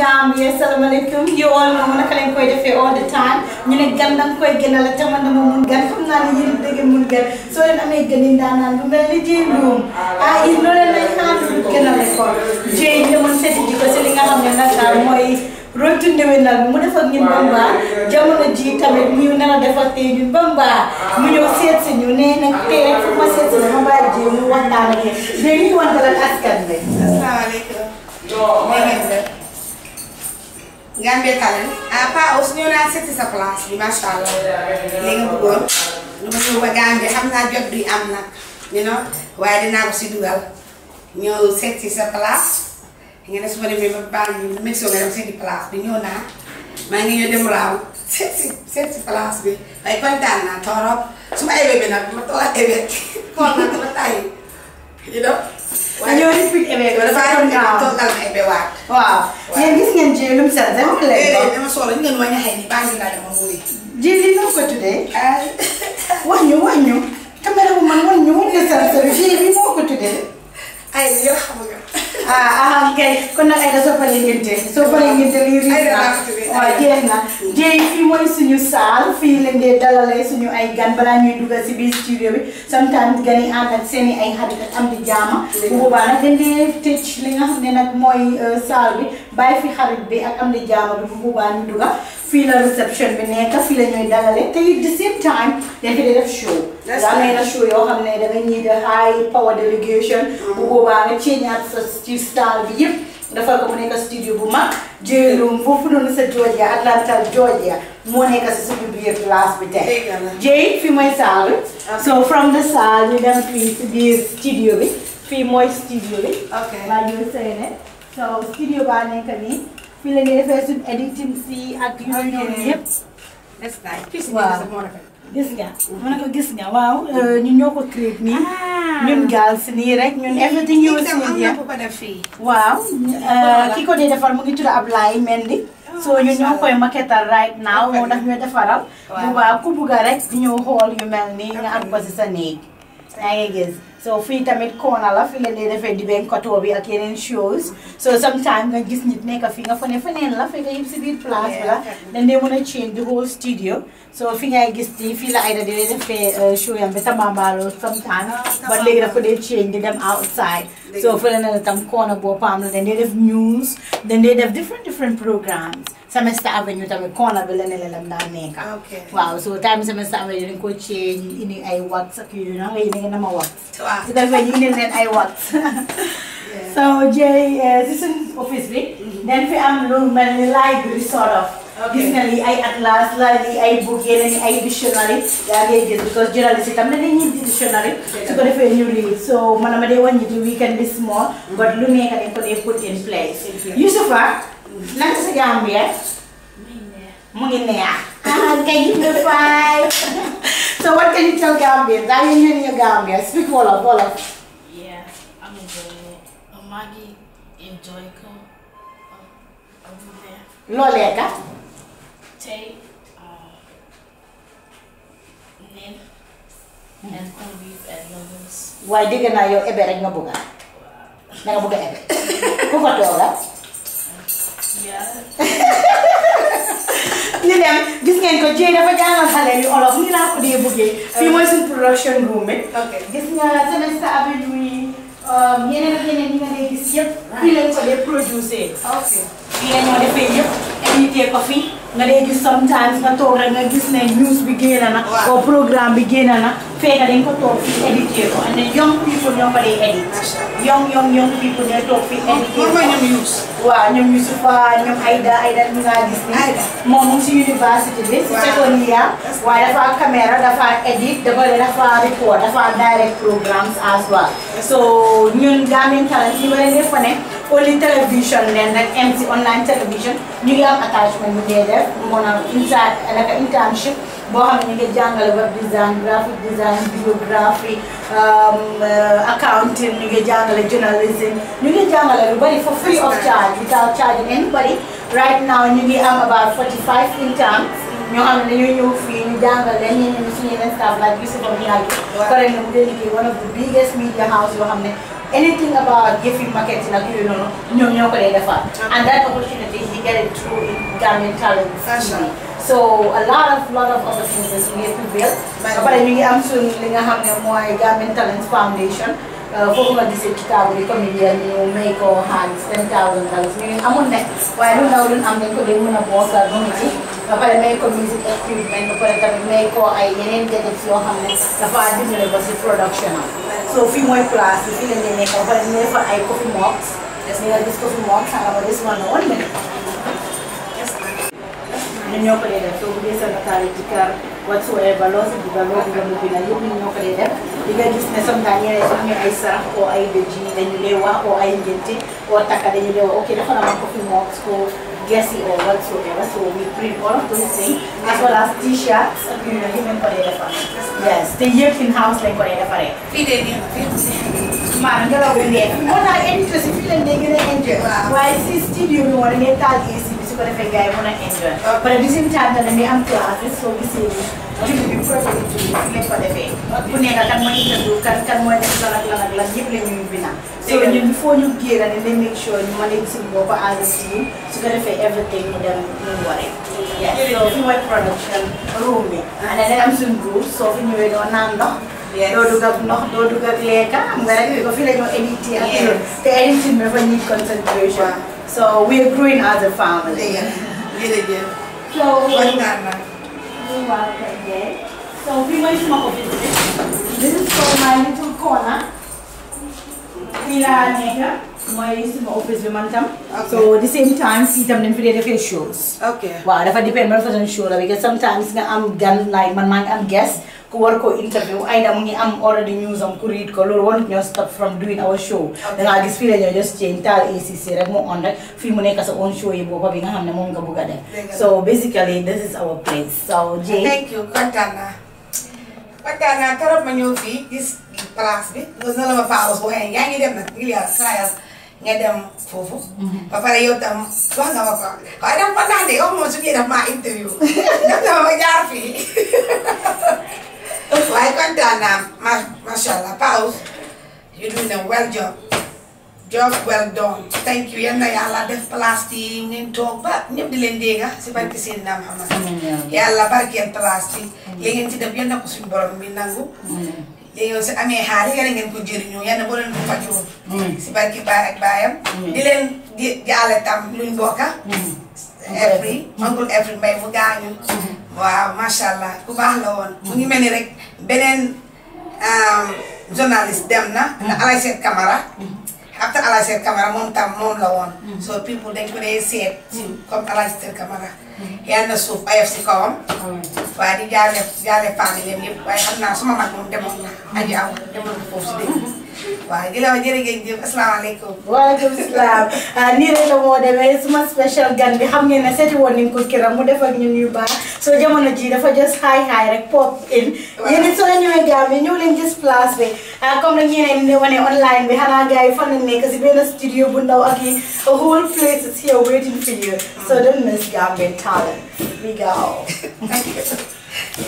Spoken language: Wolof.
Gambia salaamaaleykum you all know naka lañ koy defee all the time ñu ne gan danga koy a te man dama mun gan xam naa ne yéen a mun gan soo leen amee gën yi daan lu mel ni jéem loom ah il loolu leen ji ko si li nga xam ne nag mooy rotu mu def ak Bamba jamono ji tamit mu ñu nar a def ak tey ñun Bamba mu ñëw seet si ñu nee nag tey rek fu ma seet si dama bàyyi jéem mu waxtaan ak yéen léegi ñu wante ak askan bi. asalaamaaleykum. Gambian kalian ah, apa aussi ñëw seti seeti sa place bi macha allah li nga bëggoon lu ma ñëw ba Gambie xam naa jot you know waaye dinaa ko si dugal ñëw seeti sa place nga ne su ma demee ba bàyyi mixo nga di seeti place bi ñëw naa maa ngi ñëw dem raaw seeti seeti place bi waaye kontaan torop su ma ewee bi nag ma toog a ewee you know dañoo respecté beeg waaw mais gis ngeen ji lu mu set rek. waaw léeg-léeg dama soxla ñu ngeen wàññi xëy na baa ngi laa dama wóoree. ji lii nu ko tuddee. wax ñu wax ñu. caméra bu man wax ñu mun nga sensé fii bi moo ko tuddee. ay yow xamuñu. ah, ah kay kon nag a da soo falee ngénte soo falee ngénte lii riis ah, na jeex na jéy fii mooy suñu saal fii lañ dee dalalee suñu ay gan balaa ñuy dugal si biir studio bi sometimes gan yi ànd ak seen i ay xarit ak am di jaama bu boobaa nag dañ dee tëj li nga xam nag mooy saal bi bàyyi fi xarit bi ak am di jaama bi bu boobaa ñu fii la réception bi nekk fii la ñuy dalale te it the same time dañ koy def show. d' accord daa show yoo xam da nga ñuy de mm-hmm. bu boobaa nga ceeñaat sa ci style bi studio bu mag jëlum foofu noonu sa Georgia Atlanta Georgia moo nekk si suñu biir place bi tey. jëy fi mooy saal bi. so from the saal ñu dem fii si biir studio bi fii mooy studio bi. ok maa ngi so studio baa nekk nii. fii la editing si ak yu ñu ñëw yëpp. est-ce que waaw gis nga. mën ko gis nga waaw euh, ñun ñoo ko ah. ñun rek ñun. everything ñu ngi si ñu waaw euh, ki ko dee defar mu ngi tudd Ablaye Mendy. Oh, so ñun ñoo maketal right now moo daf ñu defaral. bu baax ku bugg rek di ñëw xool yu mel nga am ko sa Nagigis. So free time at corner la feel like they fed the bank cut over at in shows. So sometimes when gis nit make a finger for never and la figure if see plus then they wanna change the whole studio. So finger I guess they feel either they did a show and better mama sometimes ah, but later could they change them outside. So for another time corner bo palm then they have news, then they have different different programs semester avenue corner bi so time semester avenue ko change ay wax ak nama wax ay wax so jëy eh, office bi mm-hmm. fi am lu library sort of gis nga ay atlas la ay book yeneen ay dictionary yaa ngay gis because journalist itam dictionary su ko defee ñu so man wàññi di weekend bi small but lu nekk dañ ko dee put in place Yusufa naka sa Gambia. mu ngi neex. you be fine. so what can you tell Gambians? That you hearing your Gambia? Speak Wolof, Wolof. Yeah, I'm enjoying it. Oh, Maggie, enjoy ko. Over there. loo lekka. tey. Uh, nen. Hmm. and corned beef and noodles. Why dégg naa yow ebe rek nga bëgg a. nga bëgg a ebe. Lilian, iya. iya, gis ngeen ko jéy dafa jàngal xale yu olof nii laa ko dee buggee. fii mooy suñ production room eh. it. gis nga semestre abedu yi yeneen um, ak yeneen yi nga dee gis yëpp. fii lañ ko dee producer. ok la ñoo defee yëpp invité ko fii. nga sometimes nga toog rek news bi na. waaw programme bi na. fekk dañ ko toog fii édité and the young people ñoo ko edit. young young young people ñooy toog fii édité ko. ñoom news. waaw ñoom Yusufa ñoom Aida Aida ñu ngaa gis ni moom si university bi. waaw si second year. Ah. waaye dafa caméra dafa edit dafa dafa record dafa direct programmes as well. so ñun Gambian Talents ñu ngi leen di only television nen rek MC online television ñu ngi am attachment bu ñuy def mu naan inside naka internship boo xam ne ñu ngi jàngale web design graphic design bibliographie um, uh, accounting ñu ngi jàngale journalism ñu ngi jàngale lu bari for free of charge without charging anybody right now ñu ngi am about 45 interns ñoo xam ne dañoo ñëw fii ñu jàngal leen ñeneen ñi suñu yeneen staff laaj bi si bopp ñaari. waaw correct na mu ngi liggéey one of the biggest media house yoo xam ne. anything about giving marketing, like, you know, no, no, and that opportunity he get it through Gambian talent. Fashion. So a lot of lot of opportunities we have prevailed. But I mean, I'm soon linga have moy Gambian Talent Foundation. Uh, whom I gise kitabu ni comedian ni make or hands ten thousand dollars. I'm on next. Why don't I don't am ne ko de muna boss la gomiti. ba pare may ko musique experiment ba pare tamit may ko ay yeneen gadgets yoo xam ne dafa dimbale ba si production am. so fii mooy place bi fii la ñu nekk ba pare ñu ne fa ay coffee mug des nga gis coffee mug sànq ma des wàllu woon nañu. ñun ñoo ko dee def soo buggee sa nataal ci kër whatsoever loo si dugal loo dugal mu bindal yëpp ñun ñoo ko dee def di nga gis ne som daal ñeneen suñu ay sarax oo ay dëj yi dañu lay wax oo ay ngénte oo takka dañu lay wax ok dafa la ma coffee mug ko gassy or whatsoever. So we print all of those things as well as t-shirts. Yes, the year in house like whatever. Man, I'm going What I interest if you Why is this studio? We want easy. su ko defee gars yi mën a enjoy. par exemple bisim tànn la am classe soo gisee bu ko defee bu nekk kan mooy interview kan kan mooy def lan ak lan ak lan yëpp la ñuy bina. dëgg la soo ñun il faut ñu génn ne dañ ñu mën a gis a ndox. doo dugg ak ndox doo dugg ak lekka am nga te édité bi dafa concentration So we are growing as a family. Yeah, really good. So like that, man. You're welcome, yeah. So we went to my business. This is for my little corner. Mila Negra. My office my okay. So the same time, see them for the shows. Okay. Wow, well, if I depend on the show, because sometimes I'm done like my mind, I'm guest war ko interview ay na mu ngi am already news am ku read ko loolu warut ñoo stop from doing our show dangaa gis fii la ñoo just change taal ACC rek mu on rek fii mu nekk sa own show yi boppa bi nga xam ne moom nga bëgg a def so basically this is our place so Jay. Ah, thank you kontaan naa kontaan naa trop ma ñëw fii gis place bi mos na la ma faawus bu xëy yaa ngi dem nag ngi yaa sayas nga dem foofu. Mm-hmm. ba pare yow tam wax nga ma ko waaye dama kontaan de yow moom su ñu def maa interview def ma jaar fii. Une fois, quand tu en mashallah, pause, you're doing a well job. Job well done. Thank you. Yang naya allah def place ni ngeen ba ñëpp di leen dégg ah, si barke Seydina Muhammad. yàlla ya barkeel place yi. li ngeen ci def yal na ko suñu borom mi nangu. léegi yow si amee xaalis yal ngeen ko jëriñoo yal na boo leen ko ak di leen jaale tam luñ bokka. Ah. every oncle every mbay mu gaañu. waaw macha allah ku baax la woon. mu ngi rek. beneen um, journaliste dem na. Mm-hmm. na Alay Seet Camara. Mm-hmm. after Alay Seet Camara moom tam moom la woon. Mm-hmm. so people dañ ko dee seet. comme Alay Seet Camara. yal na suuf ayof si kawam. waaye di jaale jaale famille yëpp waaye xam naa suma mag moom demoon na. aji aw demoon na foofu si waaw Waalaikumsalam. Ah, ni asalaamaaleykum. waaleykum salaam ah, la moo special gan bi xam ngeen ne seeti woon nañ ko kiram mu so jamono ji dafa just high high. rek pop in. waaw yéen it soo ñëwee ñëw leen gis place bi ah, comme nag ñeneen ñi wane online bi xanaa gars yi fan lañ nekk si benn studio bu ndaw ak yi a whole place is here waiting for you so don't miss Gambian talent. we go.